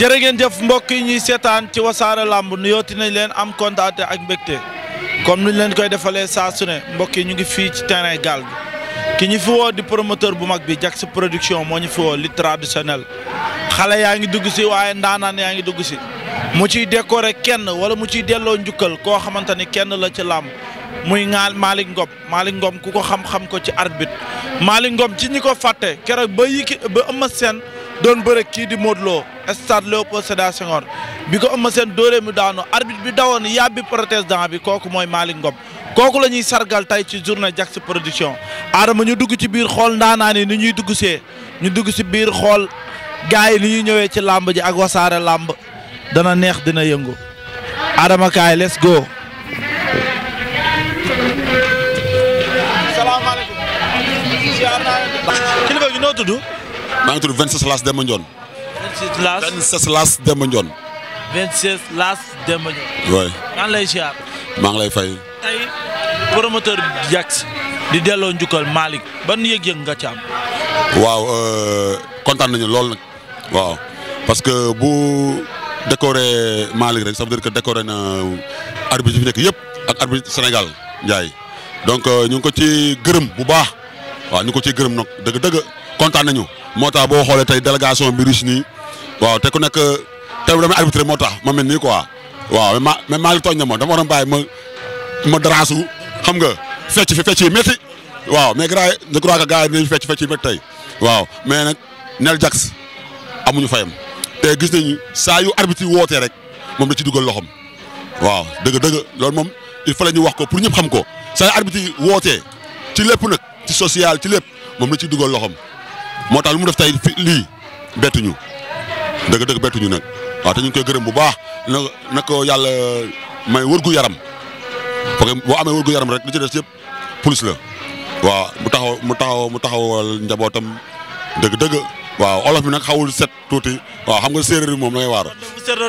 jërë ngeen jëf mbokk yi ñuy seetaan ci wasaare làmb nuyooti nañ leen am kontaante ak mbégte comme nuñ leen koy defalee saa su ne mbokk yi ñu ngi fii ci terrain gaal gi ki ñu fi woo di promoteur bu mag bi Jax production moo ñu fi woo li traditionnel xale yaa ngi dugg si waaye ndaanaan yaa ngi dugg si mu ciy décorer kenn wala mu ciy delloo njukkal koo xamante ni kenn la ci làmb muy ŋaal Malick Ngom Malick Ngom ku ko xam-xam ko ci arbitre Malick Ngom ci ñi ko fàtte keroog ba yiki ba ëmma seen doon bëre kii di Modou Lo stade Léopold Sédar bi ko Eumeu Sène dóoree mu daanu arbitre bi dawoon yàbbi protestant bi kooku mooy Malick Ngom kooku la ñuy sargal tey ci journée Diaks production Adama ñu dugg ci biir xool ndaanaan yi ni ñuy dugg see ñu dugg ci biir xool gars yi ni ñuy ñëwee ci làmb ji ak wasaare làmb dana neex dina yëngu Adama kaay let's gi noo tudd. maa ngi tudd 26 Lass Demba Ndione. 26 Lass 26 Lass Demba maa ngi lay fay. tey promoteur di delloo njukkal Malick ban yëg-yëg nga ci am. waaw euh, kontaan nañu lool nag. waaw parce que bu décorer Malick rek ça veut dire na arbitre yëpp ak arbitre Sénégal Ndiaye donc euh, ñu ngi ko ci gërëm bu baax waaw ñu ko ci gërëm nok dëgg-dëgg kontaan nañu. moo tax boo xoolee tey délégation bi riche nii waaw te ku nekk tey damay arbitré moo tax ma mel nii quoi waaw ma mais maa ngi tooñ ne ma dama waroon bàyyi ma ma daraasu xam nga fecc fi fecc yi waaw mais gars yi je crois que gars yi dinañ fecc fecc yi métti tey waaw mais nag Nel Jax amuñu fayam te gis nañu saa yu arbitre wootee rek moom da ci dugal loxom waaw dëgg dëgg loolu moom il fallait ñu wax ko pour ñëpp xam ko saa yu arbitre wootee ci lépp nag ci social ci lépp moom la ci dugal loxom moo tax lu mu def tey fi lii betuñu dëgg-dëgg betuñu nag waaw te ñu koy gërëm bu baax na ko yàlla may wërgu yaram parce que boo amee wërgu yaram rek li ci des yëpp police la waaw mu taxaw mu taxaw mu taxawal njabootam dëgg-dëgg. waaw olof bi nag xawul set tuuti waaw xam nga séeréer bi moom da ngay waar.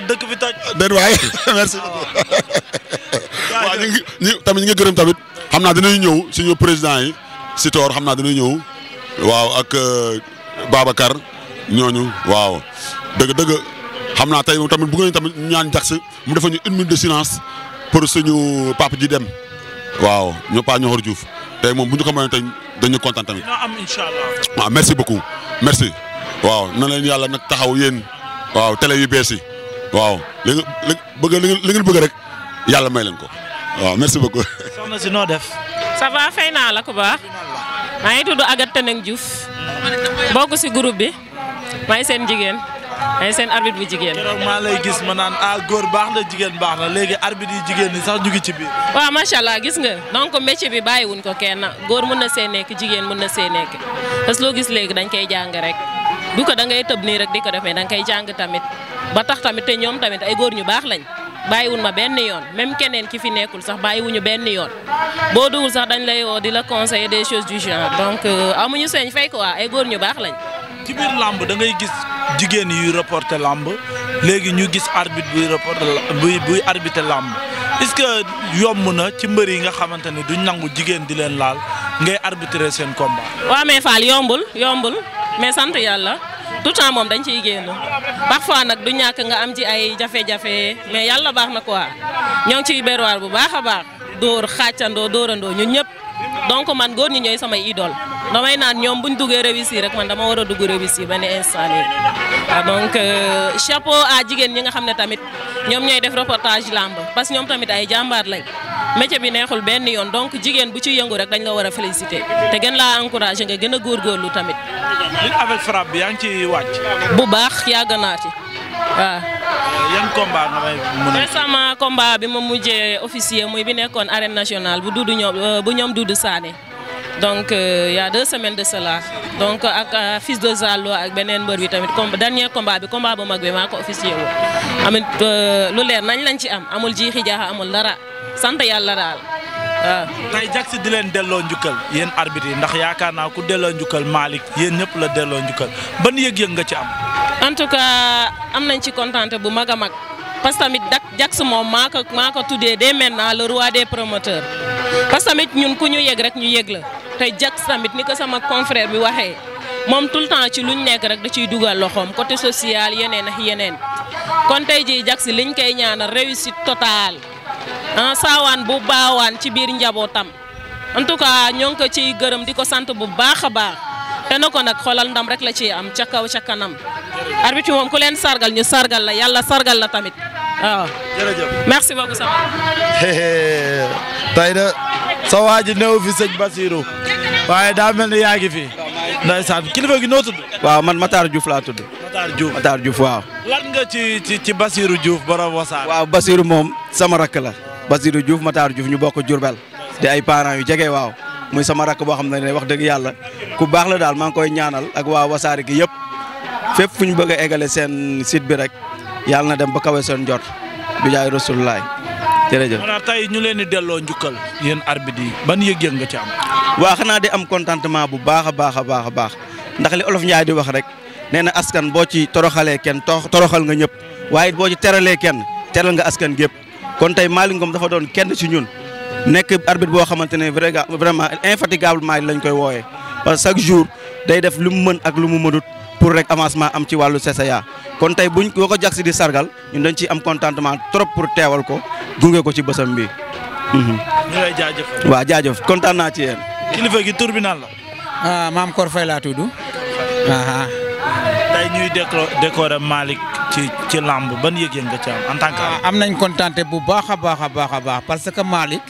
dëkk bi toj. déedéet waay merci. waaw ñu ngi tamit ñu ngi gërëm tamit xam naa dana ñëw suñu président yi si toor xam naa dinañ ñëw. waaw ak euh, Babacar ñooñu waaw dëgg dëgg xam naa tey moom tamit bu ngeen tamit ñaan jax mu defa ñu une minute de silence pour suñu papa ji dem waaw ñoo pa ñoxor Diouf tey moom bu ñu ko mënee tey dañu kontaan tamit. dina am incha waaw ah, merci beaucoup merci. waaw na leen yàlla nag taxaw yéen. waaw télé yu bees yi. waaw li nga li bëgg rek yàlla may leen ko waaw merci beaucoup. soxna si naa la ku baax. maa ngi tudd Agathe Teneng Diouf bokk si groupe bi maay seen jigéen maay seen arbitre bu jigéen. keroog maa lay gis ma naan ah góor baax na jigéen baax na léegi arbitre yi jigéen ñi sax ñu ngi ci biir. waaw macha allah gis nga donc métier bi bàyyiwuñ ko kenn góor mën na see nekk jigéen mën na see nekk parce loo gis léegi dañ koy jàng rek du ko da ngay tëb nii rek di ko def mais da nga koy jàng tamit ba tax tamit te ñoom tamit ay góor ñu baax lañ. bàyyiwul ma benn yoon même keneen ki fi nekkul sax bàyyiwuñu benn yoon boo dugul sax dañ lay woo di la conseiller des choses du genre donc euh, amuñu seen fay quoi ay góor ñu baax lañ. ci biir làmb da ngay gis jigéen yuy reporter làmb léegi ñu gis arbitre buy reporter buy buy arbitrer làmb est-ce que yomb na ci mbër yi nga xamante ne duñ nangu jigéen di leen laal ngay arbitrer seen combat. waaw mais Fall yombul yombul mais sant yàlla. tout temps moom dañ ciy génn parfois nag du ñàkk nga am ci ay jafe-jafe mais yàlla baax na quoi ñoo ngi ciy berwaar bu baax a baax dóor xàccandoo dóorandoo ñun ñëpp donc man góor ñi ñooy samay idole damay naan ñoom bu ñu duggee réussir rek man dama war a dugg réussir ba ne installé waaw ah, donc euh, chapeau à jigéen ñi nga xam ne tamit ñoom ñooy def reportage làmb parce que ñoom tamit ay jàmbaar lañ métier bi neexul benn yoon donc jigéen bu ci yëngu rek dañ la war a féliciter te gën laa encourager nga gën a góorgóorlu tamit lutte avec frappe bi bu baax yàgg naa ci waaw. Euh, yan combat bi ma mujjee officier muy bi nekkoon arène national bu Doudou ñoom euh, bu ñoom Doudou Sané donc euh, y a deux semaines de cela donc ak fils de Zallo ak beneen mbër bi tamit combat dernier combat bi combat bu mag bi maa ko officier wu. amit lu leer nañ lañ ci am amul jiixi jaaxa amul dara sant yàlla daal. tey Jackson di leen delloo njukkal yéen arbitre yi ndax yaakaar naa ku delloo njukkal Malick yéen ñëpp la delloo njukkal ban yëg-yëg nga ci am. en tout cas am nañ ci kontante bu mag a mag parce que tamit Jackson moom maa ko maa ko tuddee dès maintenant le roi des promoteurs parce que tamit ñun ku ñu yëg rek ñu yëg la te Jackson tamit ni ko sama confrère bi waxee. moom tout le temps ci luñ nekk rek da ciy dugal loxoom côté social yeneen ak yeneen kon tey jii Jackson liñ koy ñaanal réussite totale. Ah, saawaan bu baawaan ci biir njabootam en tout cas ñoo ngi ko ciy gërëm di ko sant bu baax a baax te na nag xoolal ndam rek la ciy am ca kaw ca kanam arbitre moom ku leen sargal ñu sargal la yàlla sargal la tamit waaw. Ah. merci beaucoup sama. tey de sa waa ji fi sëñ Basirou waaye daa mel ni yaa ngi fi. ndeysaan kilifa gi noo tudd. waaw man Matar Diouf laa tudd. Matar Diouf Matar waaw. lan nga ci ci ci Basirou Diouf borom wasaare. waaw Basirou moom sama rakk la. Basirou Diouf Matar Diouf ñu bokk Diourbel te ay parent yu jege waaw muy sama rakk boo xam ne wax dëgg yàlla ku baax la daal maa ngi koy ñaanal ak waa wasaare gi yëpp fépp fu ñu bëgg a eggale seen site bi rek yàlla na dem ba kawe seen jot bi jaay Rasulullah jërëjëf. maanaam tey ñu leen di delloo njukkal yéen arbitre yi ban yëg-yëg nga ci am. waa xanaa di am contentement bu baax a baax a baax a baax ndax li olof Njaay di wax rek nee na askan boo ci toroxalee kenn toroxal nga ñëpp waaye boo ci teralee kenn teral nga askan gépp kon tey Malick dafa doon kenn ci ñun nekk arbitre boo xamante ne vraiment infatigablement lañu koy wooye parce que chaque jour day def lu mu mën ak lu mu mënut pour rek avancement am ci wàllu CCA. kon tey buñ boo ko jag si di sargal ñun dañ ciy am contentement trop pour teewal ko gunge ko ci bësam bi. Mhm. ñu lay jaajëf. waaw jaajëf kontaan naa ci yéen. kilifa gi tur la. ah maam Kor Faye laa tudd. tey ñuy déco décorer ci ci làmb ban yëg-yëg nga ci am en tant que. Ah, am nañ kontaante bu baax a baax a baax baax parce que Malick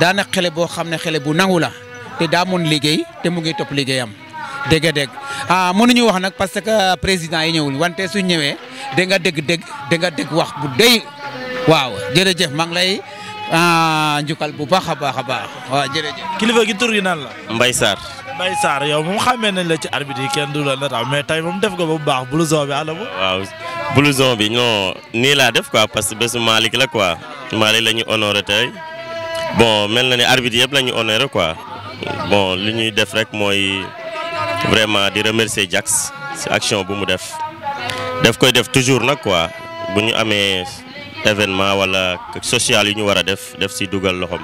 daana xele boo xam ne xele bu nangu la te daa mun liggéey te mu ngi topp liggéeyam dégg nga dégg ah mënuñu wax nag parce que président yi ñëwul wante su ñëwee da nga dégg dégg da nga dégg wax bu dey waaw jërëjëf maa lay ah, njukkal bu baax a baax a baax waaw jërëjëf. kilifa gi tur naan la. mbay Sarr. maay Sarr yow moom xàmmee nañ la ci arbitre yi kenn du la nataal mais tey moom def nga ba bu baax blouson bi àll ba. waaw blouson bi non nii laa def quoi parce que bésu Malick la quoi Malick la ñu honoré tey bon mel na ne arbitre yëpp la ñu honoré quoi bon li ñuy def rek mooy vraiment di remercier Jax si action bu mu def def koy def toujours nag quoi bu ñu amee événement wala social yu ñu war a def def si dugal loxoom.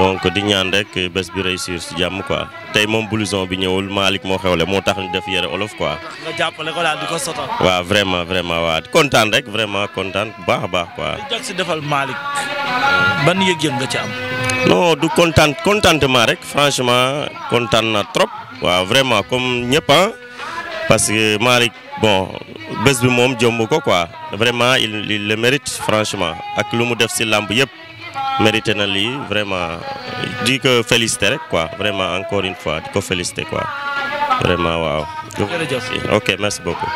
donc di ñaan rek bés bi réussir si jàmm quoi tey moom blouson bi ñëwul Malick moo xewle moo tax ñu def yére olof quoi. nga jàppale ko daal di ko sotal. waaw vraiment vraiment waaw kontaan rek vraiment kontaan bu baax baax koi si defal Malick ban yëg-yëg nga ci am. non du kontaan contentement rek franchement kontaan na trop. waaw vraiment comme ñëpp parce que Malick bon bés bi moom jomb ko quoi vraiment il il le mérite franchement ak lu mu def si làmb yëpp. mérité na lii vraiment di ko félicité rek quoi vraiment encore une fois di ko félicité quoi vraiment waaw. jërëjëf ok merci beaucoup.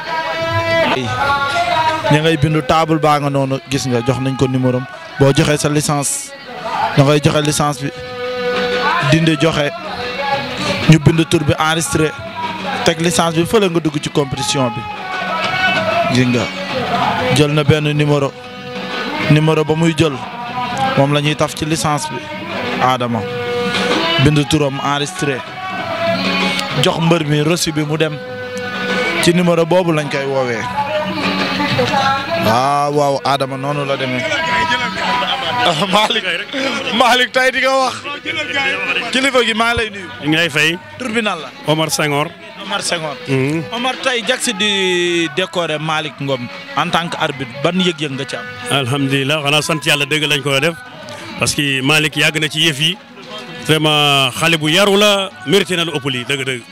ña ngay bindu table baa nga noonu gis nga jox nañ ko numéro am boo joxee sa licence da ngay joxe licence bi dindi joxe ñu bind tur bi enregistré teg licence bi fële nga dugg ci compétition bi gis nga jël na benn numéro numéro ba muy jël. moom la ñuy taf ci licence bi aadama bind turam enregistré jox mbër mi reçu bi mu dem ci numéro boobu lañ koy woowee waaw waaw Adama noonu la demee. Malick Malick tey wax kilifa gi maa lay nuyu. ñu ngi lay fay. tribunal la Omar Senghor. Omar Senghor. Mhm. Omar tey di décorer Malick Ngom en tant que arbitre ban yëg-yëg nga ci am. alhamdulilah xanaa sant yàlla dëgg lañ ko def. parce que Malick yàgg na ci yëf yi vraiment xale bu yaru la mérité na lu ëpp lii dëgg-dëgg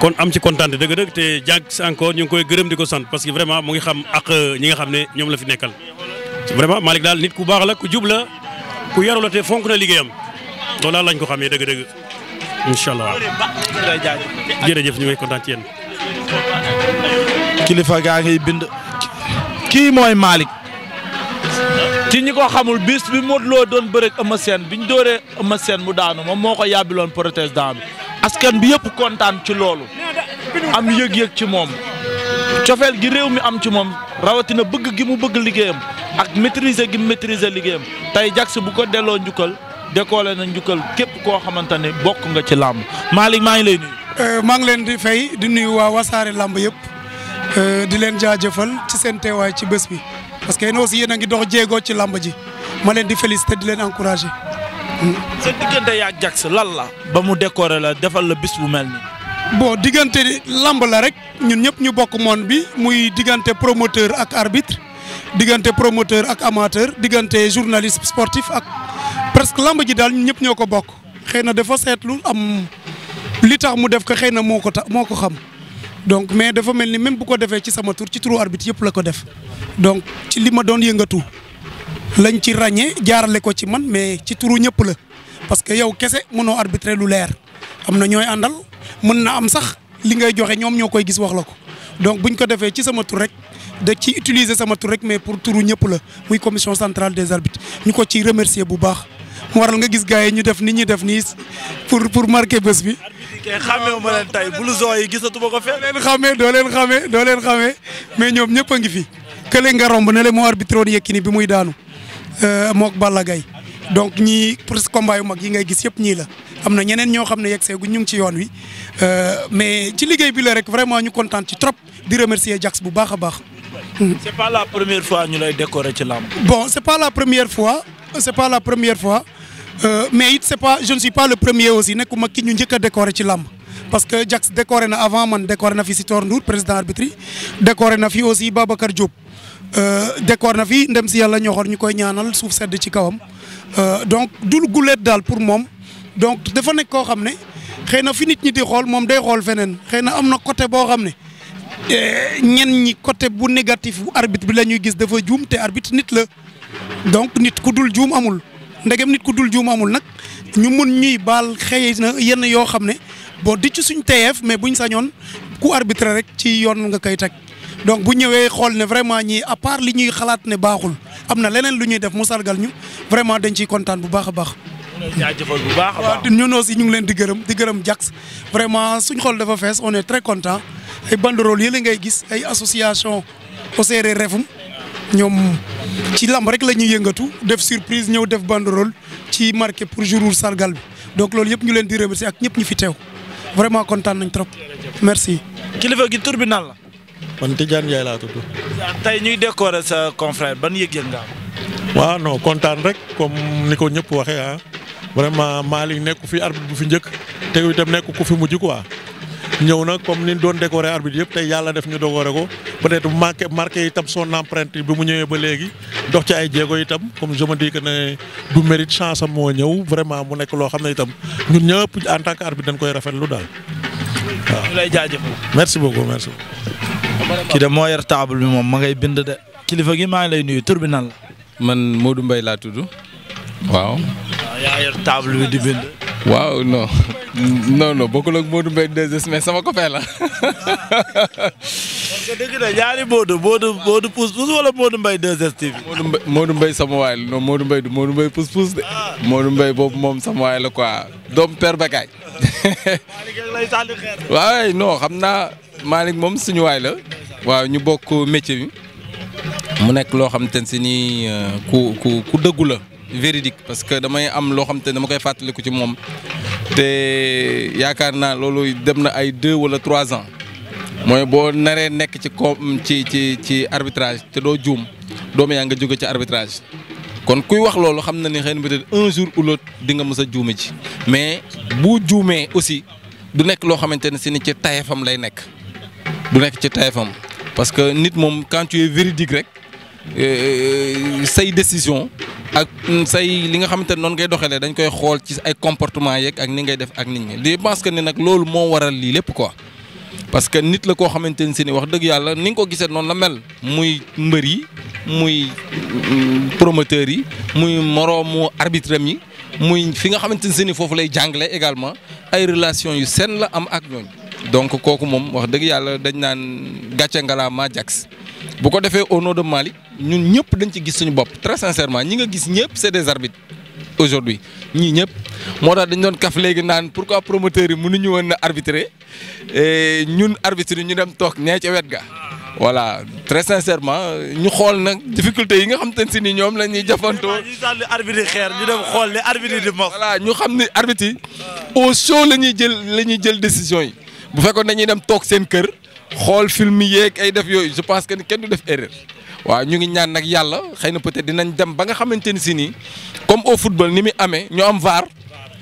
kon am ci kontaan dëgg-dëgg te jàng encore ñu ngi koy gërëm di ko sant parce que vraiment mu ngi xam ak ñi nga xam ne ñoom la fi nekkal vraiment Malick daal nit ku baax la ku jub la ku yaru la te fonk na liggéeyam loolu lañ ko xamee dëgg-dëgg incha allah jërëjëf ñu ngi kontaan ci yéen. kilifa gaa ngi bind. kii mooy Malick. ci ñi ko xamul bis bi Modou loo doon bëreeg Eumeu Sène bi ñu dooree Eumeu Sène mu daanu moom moo ko yàbbiloon protestant bi askan bi yëpp kontaan ci loolu am yëg-yëg ci moom cofeel gi réew mi am ci moom rawatina bëgg gi mu bëgg liggéeyam ak maîtriser gi mu maîtriser liggéeyam tey Jax bu ko delloo njukkal décollé na njukkal képp koo xamante ne bokk nga ci làmb Malick maa ngi lay nuyu. Euh, maa ngi leen di fay di nuyu waa wasaare làmb yëpp euh, di leen jaajëfal ci seen teewaay ci bés bi. parce que yéen aussi yéen a ngi dox jéego ci làmb ji ma leen di féliciter di leen encourager. sa diggante yaa Jax lan la. ba mu décorer la defal la bis bu mel ni bon diggante làmb la rek ñun ñëpp ñu bokk moon bi muy diggante promoteur ak arbitre diggante promoteur ak amateur diggante journaliste sportif ak presque làmb ji daal ñun ñëpp ñoo ko bokk xëy na dafa seetlu am li tax mu def ko xëy na moo ko tax moo ko xam. donc mais dafa mel ni même bu ko defee ci sama tour ci turu arbitre yëpp la ko def donc ci li ma doon yëngatu lañ ci ràññee jaarale ko ci man mais ci turu ñëpp la parce que yow kese mënoo arbitre lu leer am na ñooy àndal mën na am sax li ngay joxe ñoom ñoo koy gis wax la ko donc buñ ko defee ci sama tour rek da ci utiliser sama tur rek mais pour tour ñëpp la muy commission centrale des arbitres ñu ko ci remercier bu baax. moo waral nga gis gars yi ñu def ni ñuy def nii pour pour marquer bés bi. xàmmee ma leen tey blouson yi gisatuma ko fenn. mais ñoom ñëpp a ngi fi. kële nga romb ne le moo arbitré woon Yékini bi muy daanu ga euh, Balla Gaye donc ñi pour combat yu mag yi ngay gis yëpp ñii la am na ñeneen ñoo xam ne yegg seegu ñu ngi ci yoon wi euh, mais ci liggéey bi la rek vraiment ñu kontaan ci trop di remercier Jax bu baax a baax. Hmm. la première fois ñu lay décorer ci làmb. bon c'est pas la première fois c'est pas la première fois. Euh, mais it c'est pas je ne suis pas le premier aussi nekkuma ki ñu njëkk a décoré ci làmb parce que Jax décoré na avant man décoré na fi Sitor Ndour président arbitre décoré na fi aussi Babacar Diop euh, décoré na fi ndem si yàlla ñoxor ñu koy ñaanal suuf sedd ci kawam euh, donc dul guleet daal pour moom donc dafa nekk koo xam ne xëy na fi nit ñi di xool moom day xool feneen xëy na am na côté boo xam ne eh, ñen ñi côté bu négatif bu arbitre bi la ñuy gis dafa juum te arbitre nit la donc nit ku dul juum amul ndegem nit ku dul juum amul nag ñu mun ñuy baal xëy na yenn yoo xam ne boo di ci suñ teyeef mais buñ sañoon ku arbitre rek ci yoon nga koy teg donc bu ñëwee xool ne vraiment ñii à part li ñuy xalaat ne baaxul am na leneen lu ñuy def mu sargal ñu vraiment dañ ciy kontaan bu baax a baax. jaajëfal bu baax a baax ñun aussi ñu ngi leen di gërëm di gërëm Jax vraiment suñ xool dafa fees on est très content ay banderole yële ngay gis ay association au séeréer refum ñoom ci lamb rek la ñuy yëngatu def surprise ñëw def banderole ci marqué pour jour sargal bi donc loolu yëpp ñu leen di remercier ak ñëpp ñu fi teew vraiment kontaan nañ trop merci. kilifa gi tur bi la. man Tidiane Ndiaye laa tudd. tey ñuy décorer sa confrère ban yëg-yëg nga am. waaw non kontaan rek comme ni ko ñëpp waxee ah vraiment Malick nekku fi arbitre bu fi njëkk te itam nekku ku fi mujj quoi. ñëw na comme ni doon décorer arbitre yëpp te yàlla def ñu décorer ko peut-être marqué marqué itam son empreinte bi mu ñëwee ba léegi dox ci ay jéego itam comme je me dis que ne du mérite chance am moo ñëw vraiment mu nekk loo xam ne itam ñun ñëpp en tant que arbitre dañ koy rafetlu daal waaw. ñu lay jaajëfal. merci beaucoup merci. kii de moo yor table bi moom ma ngay bind de. kilifa gi maa lay nuyu tur bi nan la. man Modou Mbaye laa tudd waaw. yaa yor table bi di bind. waaw no non non bokkul ak Modou Mbaye 2 mais sama copain la. parce que dëgg na ñaari Modou Modou Modou pousse pousse wala Modou Mbaye 2S TV. Modou Mbaye Modou Mbaye sama waay la non Modou Mbaye du Modou Mbaye pousse pousse de. Ah. Modou Mbaye boobu moom sama waay la quoi doom père Bakaay. waaw non xam naa Malick moom suñu waay la. waaw ñu bokk métier mu nekk loo xam te ne si nii euh, ku ku ku dëggu la. véridique parce que damay am loo xam te dama koy fàttaliku ci moom te yaakaar naa loolu dem na ay deux wala trois ans mooy boo naree nekk ci ko ci ci ci arbitrage te doo juum doomu yaa nga jóge ci arbitrage kon kuy wax loolu xam na ni xëy na peut-être un jour ou l'autre di nga mës a juume ci mais bu juumee aussi du nekk loo xamante ne si ni ci tayefam lay nekk du nekk ci tayefam parce que nit moom quand tu es véridique rek. Euh, euh, say décision ak mm, say li nga xamante ne noonu ngay doxalee dañ koy xool ci ay comportement yeeg ak ni ngay def ak nit ñi je pense que ne nag loolu moo waral lii lépp quoi. parce que nit la koo xamante ne si wax dëgg yàlla ni nga ko gisee noonu la mel muy mbër yi muy mm, promoteur yi muy moroomu arbitre yi muy fi nga xamante ne si foofu lay jàngale également ay relation yu seen la am ak ñooñ donc kooku moom wax dëgg yàlla dañ naan gàcce ngalaamaa Jax bu ko defee au nom de Malick ñun ñëpp dañ ci gis suñu bopp très sincèrement ñi nga gis ñëpp c'est des arbitres aujourd'hui ñii ñëpp moo tax dañ doon kaf léegi naan pourquoi promoteurs yi ñu woon na arbitrer ñun arbitres ñu dem toog nee ca wet ga voilà très sincèrement ñu xool nag difficulté yi nga xam te ne si ni ñoom la ñuy jafantoo. ñu sànni arbitre xeer ñu dem xool ne arbitre di mos. voilà ñu xam ne arbitre au chaud la ñuy jël la ñuy jël décision yi bu fekkoon dañuy dem toog seen kër xool film yeeg ay def yooyu je pense que kenn du def waaw ñu ngi ñaan nag yàlla xëy na peut-être dinañ dem ba nga xamante ni si nii comme au football ni muy amee ñu am VAR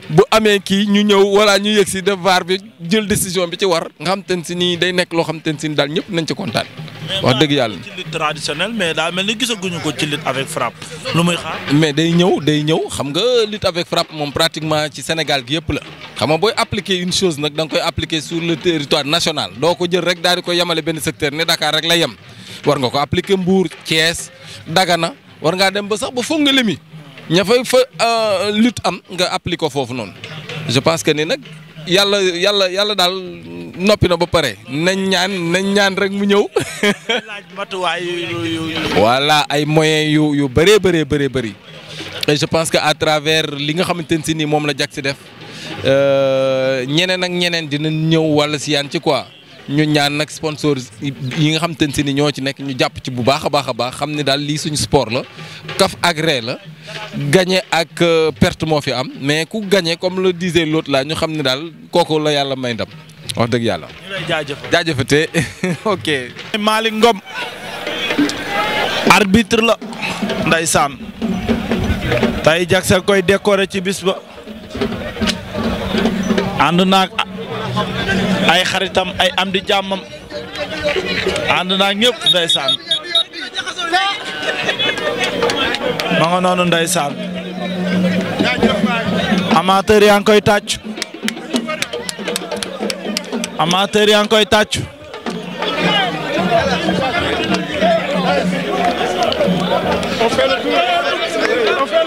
bu amee kii ñu ñëw walla ñu yëg si def VAR bi jël décision bi ci war nga xam te ne si nii day nekk loo xam te ne si nii daal ñëpp nañ ci kontaan. wax dëgg yàlla ci mais daa mel ni gisaguñu ko ci lutte avec frappe lu muy day ñëw day ñëw xam nga lutte avec frappe moom pratiquement ci Sénégal gi yëpp la xam nga booy appliquer une chose nag da nga koy appliquer sur le territoire national doo ko jël rek daal di ko yemale benn secteur ne Dakar rek la yem. war nga ko appliquer Mbour Thiès Dagana war ngaa dem ba sax ba foog nga limi ña fa euh, lutte am nga appliquer ko foofu noonu je pense que ni nag yàlla yàlla yàlla daal noppi na ba pare nañ ñaan nañ ñaan rek mu ñëw. laaj matuwaay yu ay moyens yu yu bëree bëree bëree bëri je pense que à travers li nga xamante ne si nii moom la jag si def euh, ñeneen ak ñeneen dina ñëw wàll si ci quoi. ñu ñaan nag sponsor yi nga xam te ne si ni ñoo ci nekk ñu jàpp ci bu baax a baax a baax xam ne daal lii suñu sport la kaf ak ree la gañe ak euh, perte moo fi am mais ku gagné comme le disait l'autre laa ñu xam ne daal kooku la yàlla may ndam wax dëgg yàlla. ñu lay jaajëfal jaajëfate ok. Malick Ngom arbitre la ndeysaan tey jag sa koy décorer ci bis ba ànd naag ay xaritam ay am di jàmmam ànd naa ñëpp ndeysaan ma nga noonu ndeysaan amateur yaa ngi koy tàccu amateur yaa ngi koy tàccu On fait le tour, on fait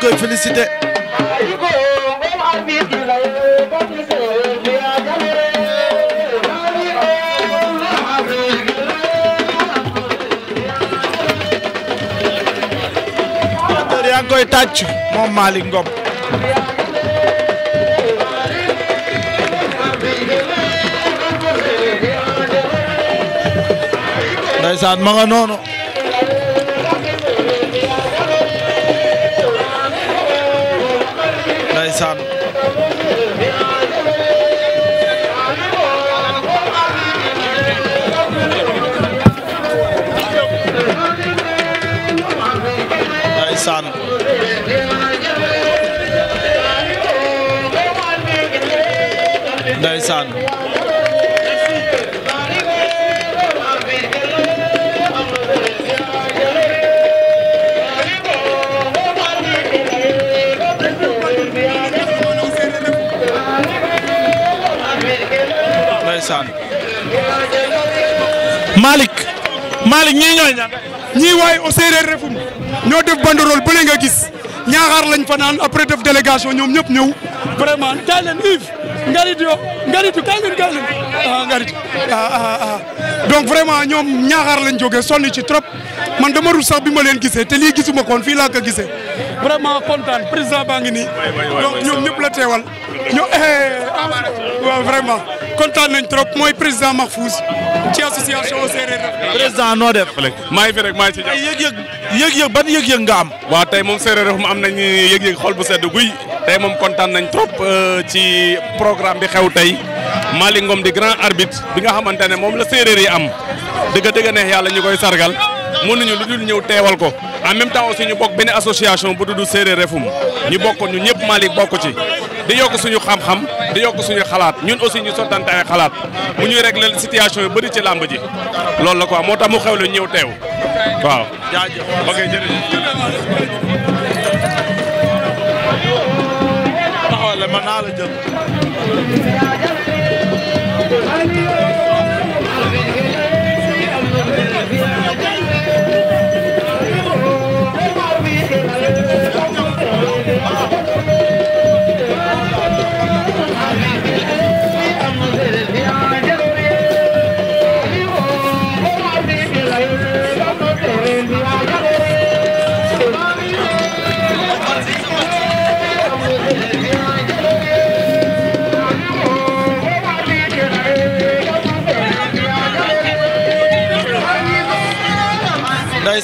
koy félicité yaa ngi koy tàcc moom Malick Ngom ndeysaan ma nga noonu ndeysaan ndeysaan Malick Malick ñii ñooy ñan. ñii waaye au séeréer refum ñoo def banderole bële nga gis ñaaxaar lañ fa naan après def délégation ñoom ñëpp ñëw vraiment kaay leen Yves ngarit yo ngaritu kaay leen kaay ah, ngarit ah, ah, ah donc vraiment ñoom ñaaxaar lañ jógee sonn ci trop man dama rus sax bi ma leen gisee te lii gisuma koon fii laa ka gisee vraiment kontaan président baa ngi nii donc ñoom ñëpp la teewal ñoo eh, eh, eh, waaw vraiment kontaan nañ trop mooy président Mahfouz ci association séeréer ref. président noo def. maa ngi fi rek maa ngi ci jàpp. yëg-yëg yëg-yëg ban yëg nga am. waa tey moom séeréer ref mu am nañu yëg-yëg xol bu sedd guy. tey moom kontaan nañ trop euh, ci programme bi xew tey Malick Ngom di grand arbitre bi nga xamante ne moom la séeréer yi am dëgg dëgg neex yàlla ñu koy sargal mënuñu lu dul ñëw teewal ko. en même temps si ñu bokk benn association bu tudd séeréer refum ñu bokkoon ñu ñëpp Malick bokk ci. di yokk suñu xam-xam di yokk suñu xalaat ñun aussi ñu sottante ay xalaat mu ñuy régler situation yu bëri ci làmb ji loolu la quoi moo tax mu xew la ñëw teew waaw. jaajëf ok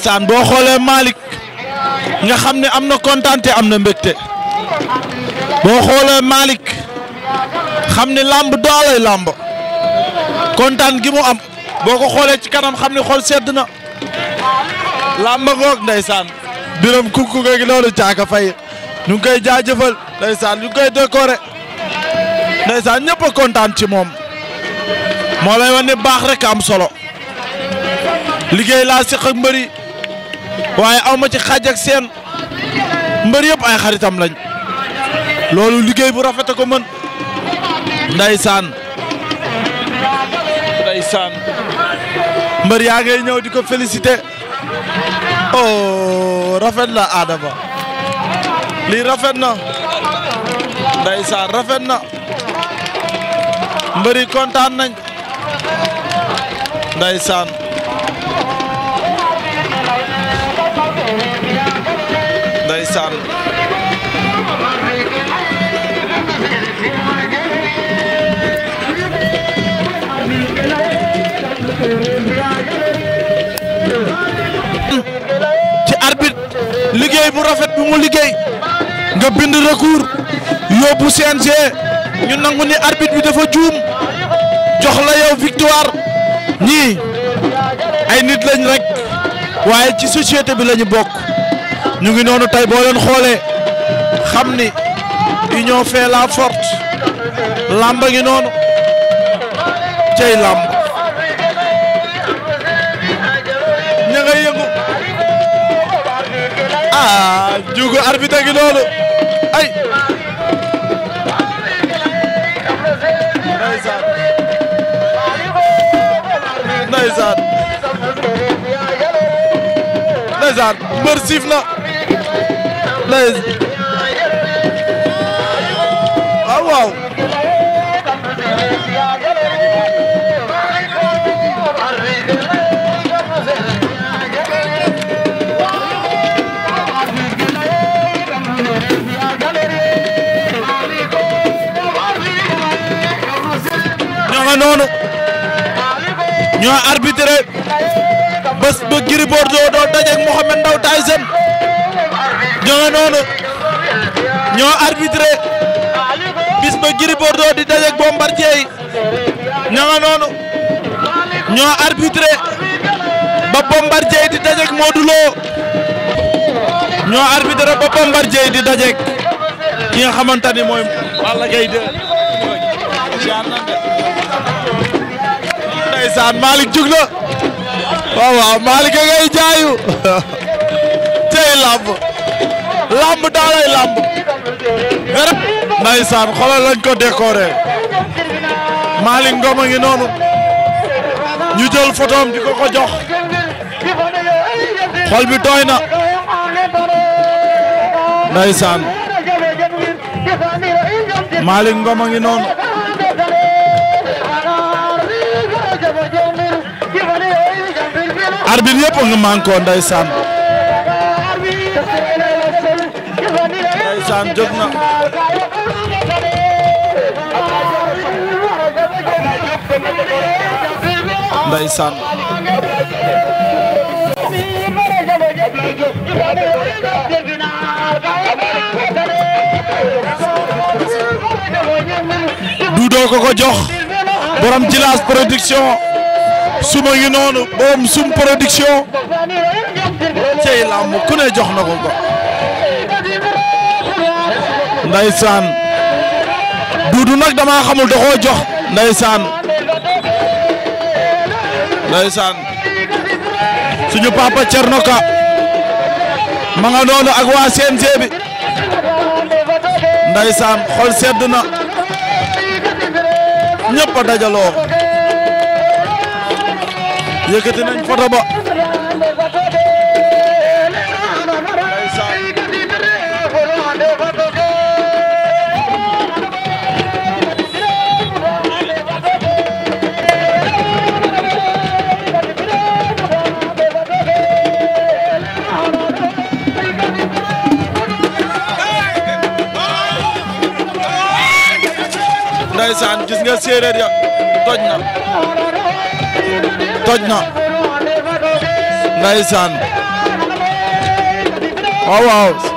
ndeysaan boo xoolee malik nga xam ne am na kontaan am na mbégte boo xoolee malik xam ne làmb doolay làmb kontaan gi mu am boo ko xoolee ci kanam xam ne xool sedd na làmb ngoog ndeysaan biram kukku gi loolu caaka fay ñu kay koy jaajëfal ndeysaan ñu ngi koy décorer ndeysaan ñëpp a kontaan ci moom moo lay wan baax rek am solo liggéey laa seq ak mbëri waaye aw ma ci xaaj ak seen mbër yëpp ay xaritam lañ loolu liggéey bu rafet ko mën ndeysaan ndeysaan mbër yaa ngay ñëw di ko félicité oh rafet la Adama lii rafet na ndeysaan rafet na mbër yi kontaan nañ ndeysaan bu rafet bu mu liggéey nga bind recours yóbbu CNG ñu nangu ni arbitre bi dafa juum jox la yow victoire ñii ay nit lañ rek waaye ci société bi lañu bokk ñu ngi noonu tey boo leen xoolee xam ni union fait la force làmba ngi noonu cey làmb ah jugu arbitre gi ay ndeysaan ndeysaan ndeysaan mbër siif na ndeysaan ah, waaw ngi noonu ñoo arbitré bés ba Gris Bordeaux doon dajeeg Mouhamed Ndao Tyson ñoo ngi noonu bis ba Gris Bordeaux di dajeeg Bombardier ñoo arbitré ba Bombardier di dajeeg Modou Lo ñoo arbitré ba Bombardier di dajeeg ki nga xamante ni mooy Balla Gaye 2 ndeysaan jug na waaw waaw a ngay jaayu tey làmb làmb daa lay làmb rëpp ndeysaan xoolal lañ ko décoré Malick Ngom ngi noonu ñu jël photom di ko jox xol bi tooy na ndeysaan Malick Ngom ngi noonu arbitre yëpp nga mànkoo ndeysaan ndeysaan jóg na ndeysaan duudoo ko ko jox borom jilaas production suma ngi noonu boom sum production cey làmb ku ne jox na ko ko ndaysaan duudu nag dama xamul da koo jox ndaysaan ndaysaan suñu papa Thierno Ka ma nga noonu ak waa CNG bi ndaysaan xol sedd na ñëpp a dajaloo yëkkati nañ foto ba Ndeysaan gis nga séeréer ya toj na toj na ndeysaan waaw waaw